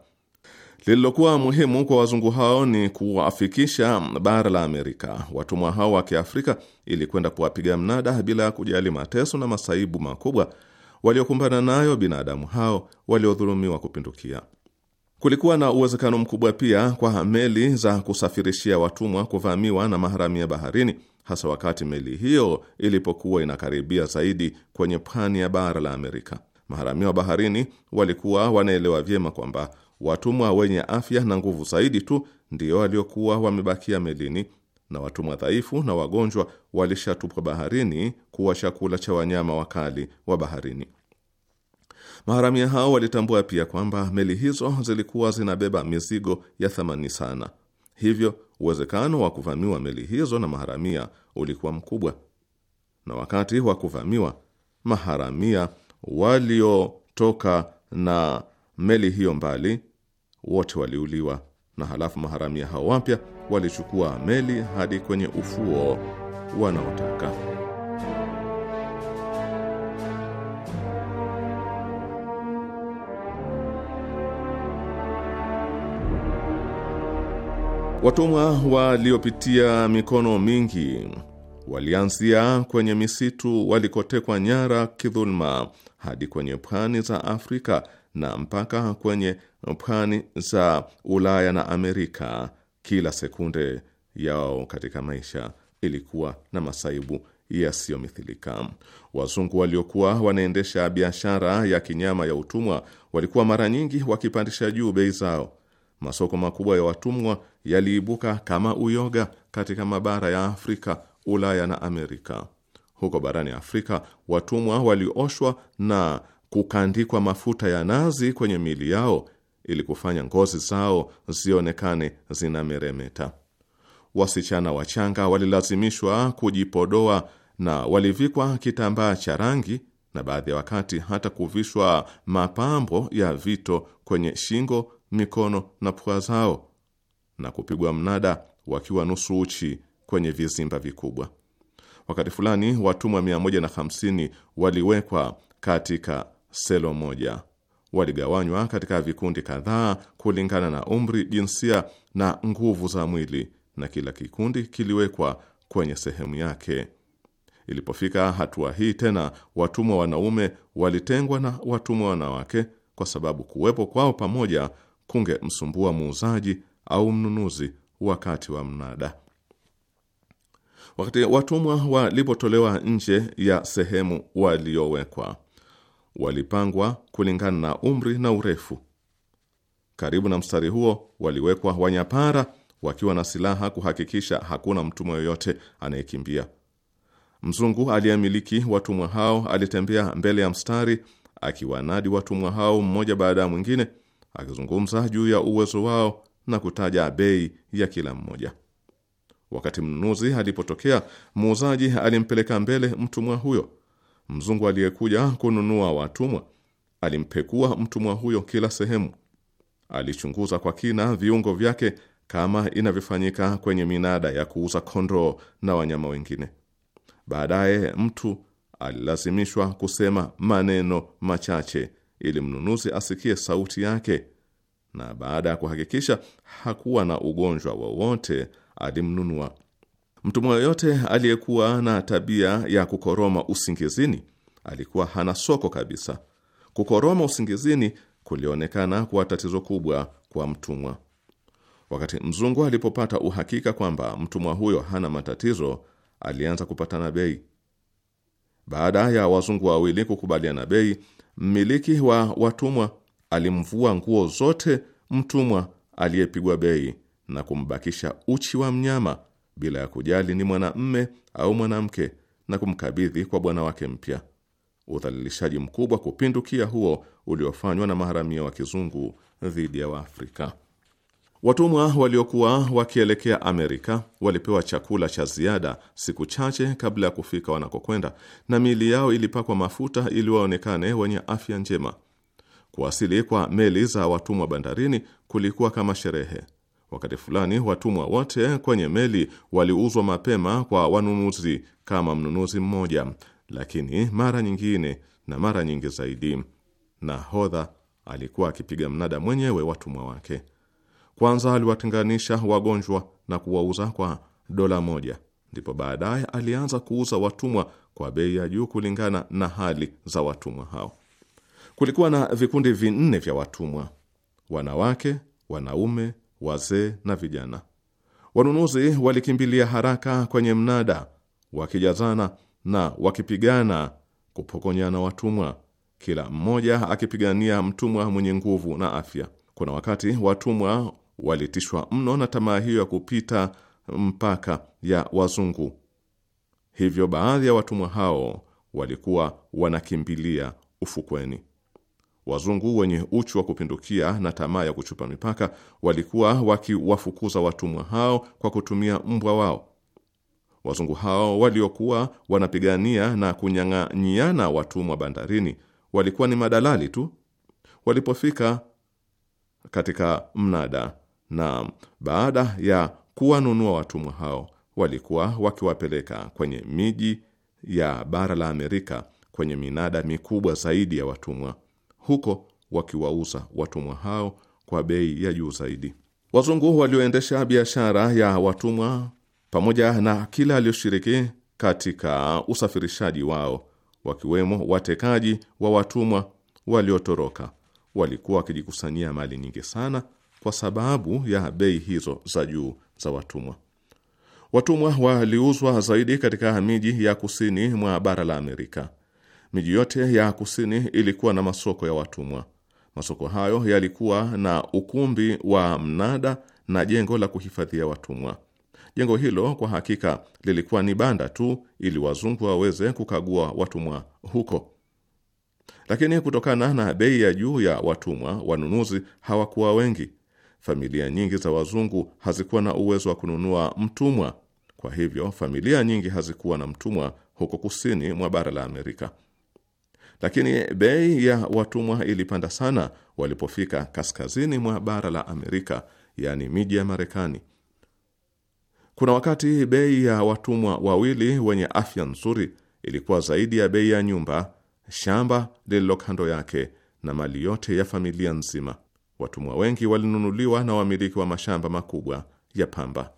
Lililokuwa muhimu kwa wazungu hao ni kuwafikisha bara la Amerika watumwa hao wa Kiafrika ili kwenda kuwapiga mnada bila ya kujali mateso na masaibu makubwa waliokumbana nayo binadamu hao waliodhulumiwa kupindukia. Kulikuwa na uwezekano mkubwa pia kwa meli za kusafirishia watumwa kuvamiwa na maharamia baharini, hasa wakati meli hiyo ilipokuwa inakaribia zaidi kwenye pwani ya bara la Amerika. Maharamia wa baharini walikuwa wanaelewa vyema kwamba watumwa wenye afya na nguvu zaidi tu ndio waliokuwa wamebakia melini na watumwa dhaifu na wagonjwa walishatupwa baharini kuwa chakula cha wanyama wakali wa baharini. Maharamia hao walitambua pia kwamba meli hizo zilikuwa zinabeba mizigo ya thamani sana, hivyo uwezekano wa kuvamiwa meli hizo na maharamia ulikuwa mkubwa. Na wakati wa kuvamiwa, maharamia waliotoka na meli hiyo mbali wote waliuliwa, na halafu maharamia hao wapya walichukua meli hadi kwenye ufuo wanaotaka. Watumwa waliopitia mikono mingi walianzia kwenye misitu walikotekwa nyara kidhuluma hadi kwenye pwani za Afrika na mpaka kwenye pwani za Ulaya na Amerika kila sekunde yao katika maisha ilikuwa na masaibu yasiyomithilika. Wazungu waliokuwa wanaendesha biashara ya kinyama ya utumwa walikuwa mara nyingi wakipandisha juu bei zao. Masoko makubwa ya watumwa yaliibuka kama uyoga katika mabara ya Afrika, Ulaya na Amerika. Huko barani Afrika, watumwa walioshwa na kukandikwa mafuta ya nazi kwenye miili yao ili kufanya ngozi zao zionekane zinameremeta. Wasichana wachanga walilazimishwa kujipodoa na walivikwa kitambaa cha rangi na baadhi ya wakati hata kuvishwa mapambo ya vito kwenye shingo, mikono na pua zao na kupigwa mnada wakiwa nusu uchi kwenye vizimba vikubwa. Wakati fulani watumwa 150 waliwekwa katika selo moja waligawanywa katika vikundi kadhaa kulingana na umri, jinsia na nguvu za mwili, na kila kikundi kiliwekwa kwenye sehemu yake. Ilipofika hatua hii tena, watumwa wanaume walitengwa na watumwa wanawake, kwa sababu kuwepo kwao pamoja kungemsumbua muuzaji au mnunuzi wakati wa mnada. Wakati watumwa walipotolewa nje ya sehemu waliowekwa, walipangwa kulingana na umri na urefu. Karibu na mstari huo waliwekwa wanyapara wakiwa na silaha kuhakikisha hakuna mtumwa yoyote anayekimbia. Mzungu aliyemiliki watumwa hao alitembea mbele ya mstari akiwanadi watumwa hao mmoja baada ya mwingine, akizungumza juu ya uwezo wao na kutaja bei ya kila mmoja. Wakati mnunuzi alipotokea, muuzaji alimpeleka mbele mtumwa huyo Mzungu aliyekuja kununua watumwa alimpekua mtumwa huyo kila sehemu. Alichunguza kwa kina viungo vyake kama inavyofanyika kwenye minada ya kuuza kondoo na wanyama wengine. Baadaye mtu alilazimishwa kusema maneno machache ili mnunuzi asikie sauti yake, na baada ya kuhakikisha hakuwa na ugonjwa wowote alimnunua. Mtumwa yoyote aliyekuwa na tabia ya kukoroma usingizini alikuwa hana soko kabisa. Kukoroma usingizini kulionekana kuwa tatizo kubwa kwa mtumwa. Wakati mzungu alipopata uhakika kwamba mtumwa huyo hana matatizo, alianza kupatana bei. Baada ya wazungu wawili kukubaliana bei, mmiliki wa watumwa alimvua nguo zote mtumwa aliyepigwa bei na kumbakisha uchi wa mnyama bila ya kujali ni mwanamme au mwanamke na kumkabidhi kwa bwana wake mpya. Udhalilishaji mkubwa kupindukia huo uliofanywa na maharamia wa kizungu dhidi ya Waafrika. Watumwa waliokuwa wakielekea Amerika walipewa chakula cha ziada siku chache kabla ya kufika wanakokwenda, na miili yao ilipakwa mafuta ili waonekane wenye afya njema. Kuwasili kwa meli za watumwa bandarini kulikuwa kama sherehe. Wakati fulani watumwa wote kwenye meli waliuzwa mapema kwa wanunuzi kama mnunuzi mmoja, lakini mara nyingine na mara nyingi zaidi nahodha alikuwa akipiga mnada mwenyewe watumwa wake. Kwanza aliwatenganisha wagonjwa na kuwauza kwa dola moja, ndipo baadaye alianza kuuza watumwa kwa bei ya juu kulingana na hali za watumwa hao. Kulikuwa na vikundi vinne vya watumwa: wanawake, wanaume wazee na vijana. Wanunuzi walikimbilia haraka kwenye mnada, wakijazana na wakipigana kupokonyana watumwa, kila mmoja akipigania mtumwa mwenye nguvu na afya. Kuna wakati watumwa walitishwa mno na tamaa hiyo ya kupita mpaka ya wazungu, hivyo baadhi ya watumwa hao walikuwa wanakimbilia ufukweni. Wazungu wenye uchu wa kupindukia na tamaa ya kuchupa mipaka walikuwa wakiwafukuza watumwa hao kwa kutumia mbwa wao. Wazungu hao waliokuwa wanapigania na kunyang'anyiana watumwa bandarini walikuwa ni madalali tu. Walipofika katika mnada na baada ya kuwanunua watumwa hao, walikuwa wakiwapeleka kwenye miji ya bara la Amerika kwenye minada mikubwa zaidi ya watumwa huko wakiwauza watumwa hao kwa bei ya juu zaidi. Wazungu walioendesha biashara ya watumwa pamoja na kila aliyoshiriki katika usafirishaji wao, wakiwemo watekaji wa watumwa waliotoroka, walikuwa wakijikusanyia mali nyingi sana kwa sababu ya bei hizo za juu za watumwa. Watumwa waliuzwa zaidi katika miji ya kusini mwa bara la Amerika. Miji yote ya kusini ilikuwa na masoko ya watumwa. Masoko hayo yalikuwa na ukumbi wa mnada na jengo la kuhifadhia watumwa. Jengo hilo kwa hakika lilikuwa ni banda tu, ili wazungu waweze kukagua watumwa huko. Lakini kutokana na bei ya juu ya watumwa, wanunuzi hawakuwa wengi. Familia nyingi za wazungu hazikuwa na uwezo wa kununua mtumwa. Kwa hivyo familia nyingi hazikuwa na mtumwa huko kusini mwa bara la Amerika lakini bei ya watumwa ilipanda sana walipofika kaskazini mwa bara la Amerika, yaani miji ya Marekani. Kuna wakati bei ya watumwa wawili wenye afya nzuri ilikuwa zaidi ya bei ya nyumba, shamba lililo kando yake na mali yote ya familia nzima. Watumwa wengi walinunuliwa na wamiliki wa mashamba makubwa ya pamba.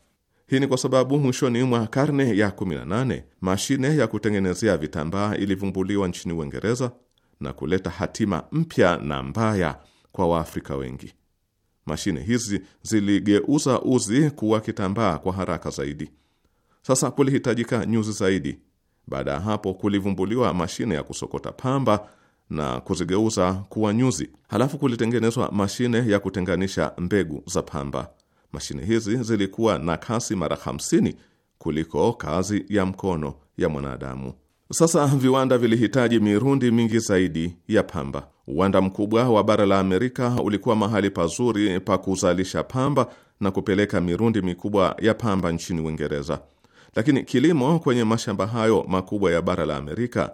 Hii ni kwa sababu mwishoni mwa karne ya 18 mashine ya kutengenezea vitambaa ilivumbuliwa nchini Uingereza na kuleta hatima mpya na mbaya kwa Waafrika wengi. Mashine hizi ziligeuza uzi kuwa kitambaa kwa haraka zaidi. Sasa kulihitajika nyuzi zaidi. Baada ya hapo, kulivumbuliwa mashine ya kusokota pamba na kuzigeuza kuwa nyuzi. Halafu kulitengenezwa mashine ya kutenganisha mbegu za pamba. Mashine hizi zilikuwa na kasi mara 50 kuliko kazi ya mkono ya mwanadamu. Sasa viwanda vilihitaji mirundi mingi zaidi ya pamba. Uwanda mkubwa wa bara la Amerika ulikuwa mahali pazuri pa kuzalisha pamba na kupeleka mirundi mikubwa ya pamba nchini Uingereza, lakini kilimo kwenye mashamba hayo makubwa ya bara la Amerika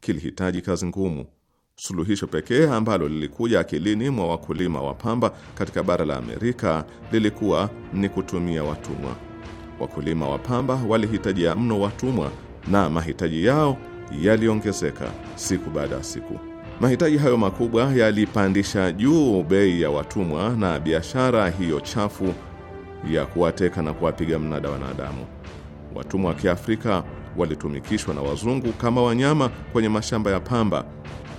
kilihitaji kazi ngumu Suluhisho pekee ambalo lilikuja akilini mwa wakulima wa pamba katika bara la Amerika lilikuwa ni kutumia watumwa. Wakulima wa pamba walihitaji mno watumwa na mahitaji yao yaliongezeka siku baada ya siku. Mahitaji hayo makubwa yalipandisha juu bei ya watumwa na biashara hiyo chafu ya kuwateka na kuwapiga mnada wanadamu. Watumwa wa Kiafrika walitumikishwa na wazungu kama wanyama kwenye mashamba ya pamba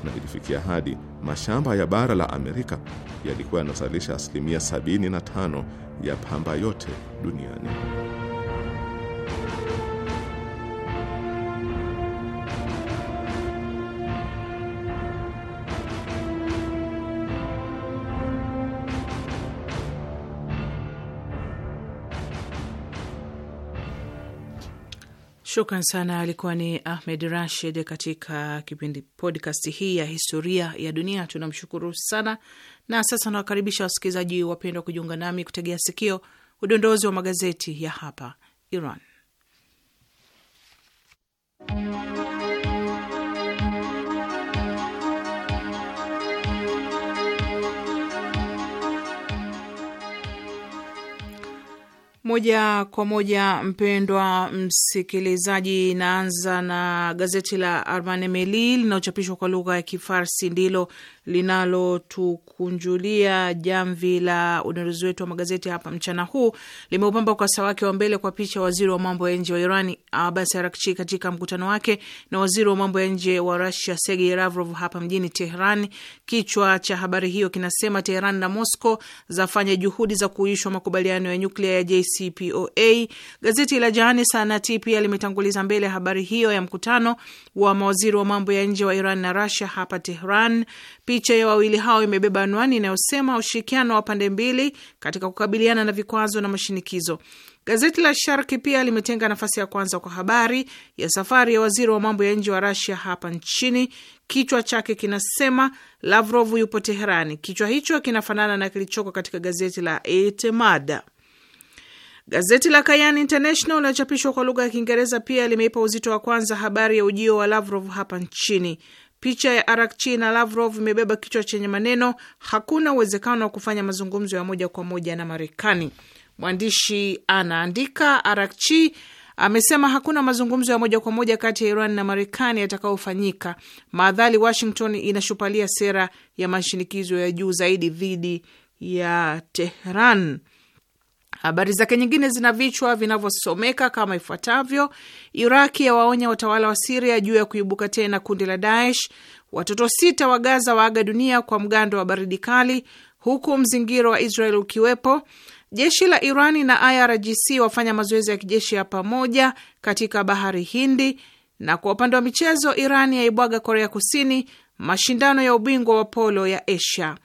na ilifikia hadi mashamba ya bara la Amerika yalikuwa yanazalisha asilimia 75 ya pamba yote duniani. Shukran sana. Alikuwa ni Ahmed Rashid katika kipindi podcast hii ya historia ya dunia. Tunamshukuru sana, na sasa nawakaribisha wasikilizaji wapendwa kujiunga nami kutegea sikio udondozi wa magazeti ya hapa Iran. Moja kwa moja, mpendwa msikilizaji, naanza na gazeti la Armane Meli linalochapishwa kwa lugha ya Kifarsi, ndilo linalotukunjulia jamvi la udondozi wetu wa magazeti hapa mchana huu. Limeupamba ukurasa wake wa mbele kwa picha waziri wa mambo ya nje wa Irani Abbas Arakchi katika mkutano wake na waziri wa mambo ya nje wa Russia Sergey Lavrov hapa mjini Tehran. Kichwa cha habari hiyo kinasema Tehran na Moscow zafanya juhudi za kuishwa makubaliano ya nyuklia ya JC JCPOA. Gazeti la Jahane Sanati pia limetanguliza mbele habari hiyo ya mkutano wa mawaziri wa mambo ya nje wa Iran na rusia hapa Tehran. Picha ya wawili hao imebeba anwani inayosema ushirikiano wa pande mbili katika kukabiliana na vikwazo na mashinikizo. Gazeti la Sharki pia limetenga nafasi ya kwanza kwa habari ya safari ya waziri wa mambo ya nje wa Rasia hapa nchini. Kichwa chake kinasema Lavrov yupo Teherani. Kichwa hicho kinafanana na kilichoko katika gazeti la Etemada. Gazeti la Kayan International linachapishwa kwa lugha ya Kiingereza pia limeipa uzito wa kwanza habari ya ujio wa Lavrov hapa nchini. Picha ya Arakchi na Lavrov imebeba kichwa chenye maneno hakuna uwezekano wa kufanya mazungumzo ya moja kwa moja na Marekani. Mwandishi anaandika, Arakchi amesema hakuna mazungumzo ya moja kwa moja kati ya Iran na Marekani yatakayofanyika maadhali Washington inashupalia sera ya mashinikizo ya juu zaidi dhidi ya Tehran. Habari zake nyingine zina vichwa vinavyosomeka kama ifuatavyo: Iraki yawaonya watawala wa Siria juu ya kuibuka tena kundi la Daesh, watoto sita wa Gaza waaga dunia kwa mgando wa baridi kali huku mzingiro wa Israel ukiwepo, jeshi la Irani na IRGC wafanya mazoezi ya kijeshi ya pamoja katika bahari Hindi, na kwa upande wa michezo, Irani yaibwaga Korea Kusini mashindano ya ubingwa wa polo ya Asia.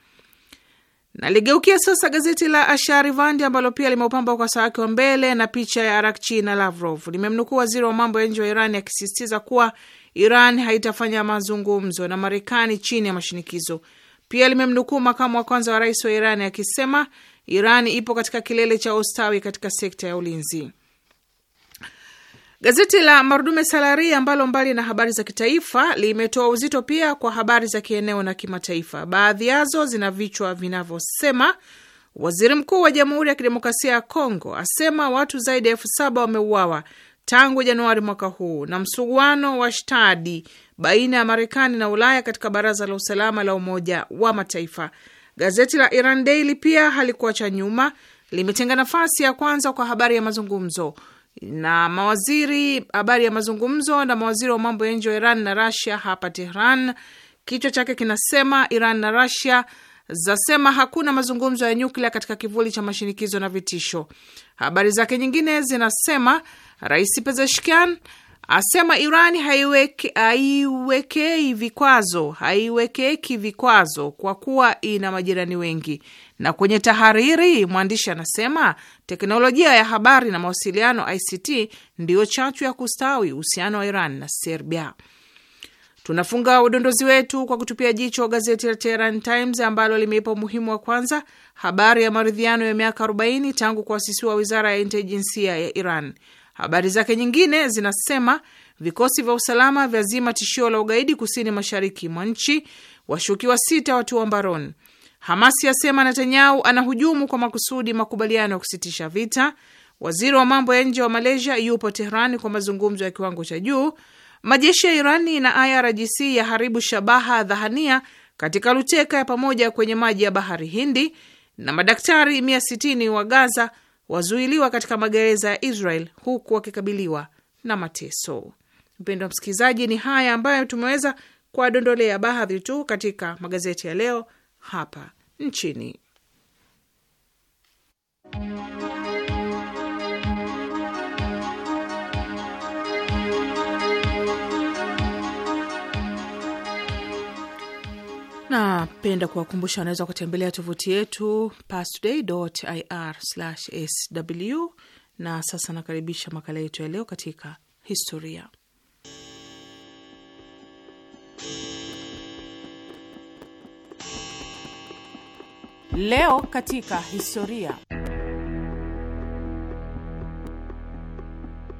Naligeukia sasa gazeti la Asharivandi ambalo pia limeupamba ukurasa wake wa mbele na picha ya Arakchi na Lavrov. Limemnukuu waziri wa mambo ya nje wa Iran akisisitiza kuwa Iran haitafanya mazungumzo na Marekani chini ya mashinikizo. Pia limemnukuu makamu wa kwanza wa rais wa Iran akisema Iran ipo katika kilele cha ustawi katika sekta ya ulinzi. Gazeti la Marudume Salari ambalo mbali na habari za kitaifa limetoa uzito pia kwa habari za kieneo na kimataifa. Baadhi yazo zina vichwa vinavyosema: waziri mkuu wa Jamhuri ya Kidemokrasia ya Kongo asema watu zaidi ya elfu saba wameuawa tangu Januari mwaka huu, na msuguano wa shtadi baina ya Marekani na Ulaya katika Baraza la Usalama la Umoja wa Mataifa. Gazeti la Iran Daily pia halikuacha nyuma, limetenga nafasi ya kwanza kwa habari ya mazungumzo na mawaziri habari ya mazungumzo na mawaziri wa mambo ya nje wa Iran na Rasia hapa Tehran. Kichwa chake kinasema Iran na Rasia zasema hakuna mazungumzo ya nyuklia katika kivuli cha mashinikizo na vitisho. Habari zake nyingine zinasema Rais Pezeshkian asema Iran haiwekei vikwazo haiwekeki vikwazo kwa kuwa ina majirani wengi. Na kwenye tahariri mwandishi anasema teknolojia ya habari na mawasiliano ICT ndiyo chachu ya kustawi uhusiano wa Iran na Serbia. Tunafunga udondozi wetu kwa kutupia jicho gazeti la Teheran Times ambalo limeipa umuhimu wa kwanza habari ya maridhiano ya miaka 40 tangu kuasisiwa wizara ya intelijensia ya Iran. Habari zake nyingine zinasema vikosi vya usalama vyazima tishio la ugaidi kusini mashariki mwa nchi, washukiwa sita watiwa mbaroni Hamas yasema Netanyahu anahujumu kwa makusudi makubaliano ya kusitisha vita. Waziri wa mambo ya nje wa Malaysia yupo Tehrani kwa mazungumzo ya kiwango cha juu. Majeshi ya Irani na IRGC yaharibu shabaha dhahania katika luteka ya pamoja kwenye maji ya bahari Hindi, na madaktari 160 wa Gaza wazuiliwa katika magereza ya Israel huku wakikabiliwa na mateso. Mpendo wa msikilizaji, ni haya ambayo tumeweza kuwadondolea baadhi tu katika magazeti ya leo hapa nchini. Napenda kuwakumbusha wanaweza kutembelea tovuti yetu pastoday.ir/sw. Na sasa nakaribisha makala yetu ya leo, katika historia Leo katika historia.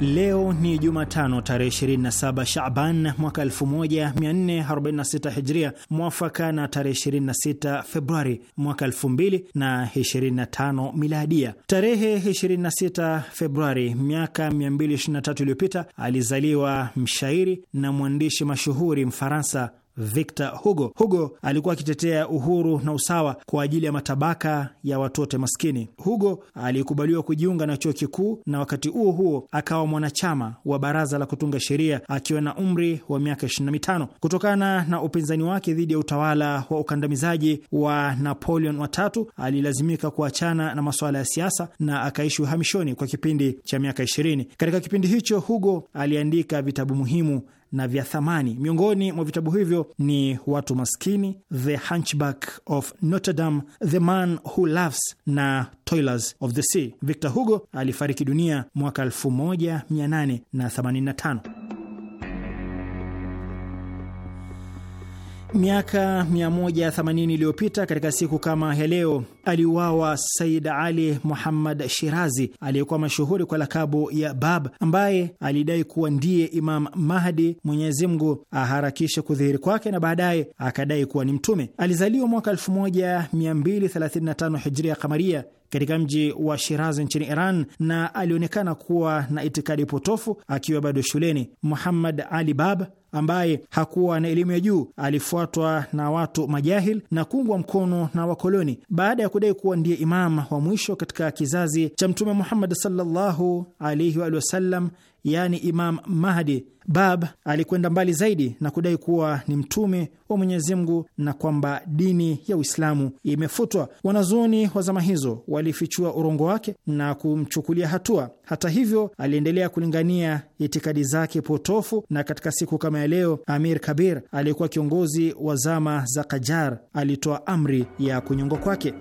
Leo ni Jumatano tarehe 27 Shaban mwaka 1446 Hijria, mwafaka na tarehe 26 Februari mwaka 2025 Miladia. Tarehe 26 Februari miaka 223 iliyopita alizaliwa mshairi na mwandishi mashuhuri Mfaransa Victor Hugo. Hugo alikuwa akitetea uhuru na usawa kwa ajili ya matabaka ya watoto maskini. Hugo alikubaliwa kujiunga na chuo kikuu na wakati huo huo akawa mwanachama wa baraza la kutunga sheria akiwa na umri wa miaka 25. Kutokana na upinzani wake dhidi ya utawala wa ukandamizaji wa Napoleon watatu, alilazimika kuachana na masuala ya siasa na akaishi uhamishoni kwa kipindi cha miaka 20. Katika kipindi hicho, Hugo aliandika vitabu muhimu na vya thamani. Miongoni mwa vitabu hivyo ni Watu Maskini, The Hunchback of Notre Dame, The Man Who Laughs na Toilers of the Sea. Victor Hugo alifariki dunia mwaka 1885. Miaka 180 iliyopita katika siku kama ya leo aliuawa Said Ali Muhammad Shirazi aliyekuwa mashuhuri kwa lakabu ya Bab, ambaye alidai kuwa ndiye Imam Mahdi, Mwenyezi Mungu aharakishe kudhihiri kwake, na baadaye akadai kuwa ni mtume. Alizaliwa mwaka 1235 Hijria Kamaria katika mji wa Shirazi nchini Iran na alionekana kuwa na itikadi potofu akiwa bado shuleni. Muhammad Ali Bab ambaye hakuwa na elimu ya juu alifuatwa na watu majahil na kuungwa mkono na wakoloni baada ya kudai kuwa ndiye imam wa mwisho katika kizazi cha Mtume Muhammad sallallahu alaihi wa wasallam yaani Imam Mahdi. Bab alikwenda mbali zaidi na kudai kuwa ni mtume wa Mwenyezi Mungu na kwamba dini ya Uislamu imefutwa. Wanazuoni wa zama hizo walifichua urongo wake na kumchukulia hatua. Hata hivyo, aliendelea kulingania itikadi zake potofu, na katika siku kama ya leo, Amir Kabir aliyekuwa kiongozi wa zama za Kajar alitoa amri ya kunyongwa kwake.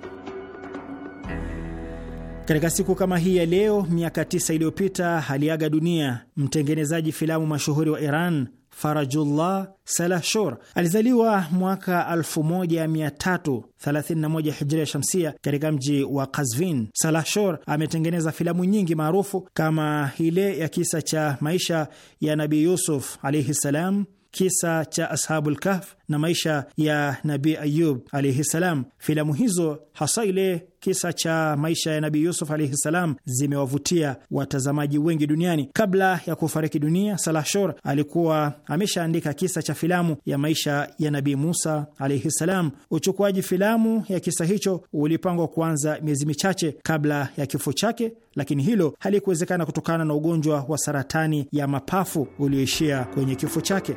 Katika siku kama hii ya leo miaka tisa iliyopita aliaga dunia mtengenezaji filamu mashuhuri wa Iran Farajullah Salahshor alizaliwa mwaka 1331 hijria shamsia katika mji wa Kazvin. Salahshor ametengeneza filamu nyingi maarufu kama ile ya kisa cha maisha ya Nabii Yusuf alaihi ssalam, kisa cha Ashabul Kahf na maisha ya nabi Ayub alaihi salam. Filamu hizo hasa ile kisa cha maisha ya Nabii Yusuf alaihi salam zimewavutia watazamaji wengi duniani. Kabla ya kufariki dunia, Salah Shor alikuwa ameshaandika kisa cha filamu ya maisha ya nabi Musa alaihi salam. Uchukuaji filamu ya kisa hicho ulipangwa kuanza miezi michache kabla ya kifo chake, lakini hilo halikuwezekana kutokana na ugonjwa wa saratani ya mapafu ulioishia kwenye kifo chake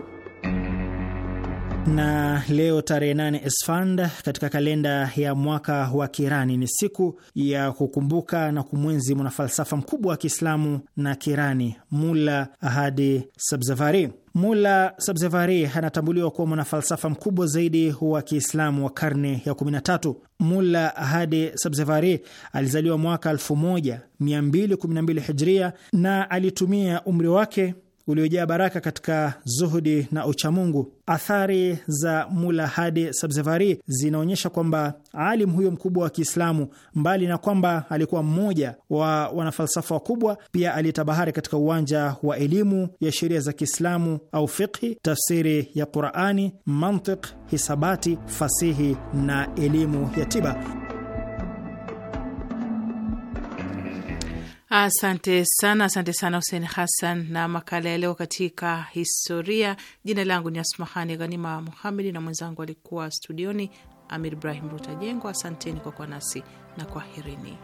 na leo tarehe nane Esfand katika kalenda ya mwaka wa Kirani ni siku ya kukumbuka na kumwenzi mwanafalsafa mkubwa wa Kiislamu na Kirani Mula Hadi Sabzavari. Mula Sabzevari anatambuliwa kuwa mwanafalsafa mkubwa zaidi wa Kiislamu wa karne ya 13. Mula Hadi Sabzevari alizaliwa mwaka 1212 Hijria na alitumia umri wake uliojaa baraka katika zuhudi na uchamungu. Athari za Mula Hadi Sabzevari zinaonyesha kwamba alim huyo mkubwa wa Kiislamu, mbali na kwamba alikuwa mmoja wa wanafalsafa wakubwa, pia alitabahari katika uwanja wa elimu ya sheria za Kiislamu au fiqhi, tafsiri ya Qurani, mantiq, hisabati, fasihi na elimu ya tiba. Asante sana, asante sana Hussein Hassan na makala ya leo katika historia. Jina langu ni Asmahani Ghanima Muhamedi na mwenzangu alikuwa studioni Amir Ibrahim Rutajengwa. Asanteni kwa kuwa nasi na kwaherini.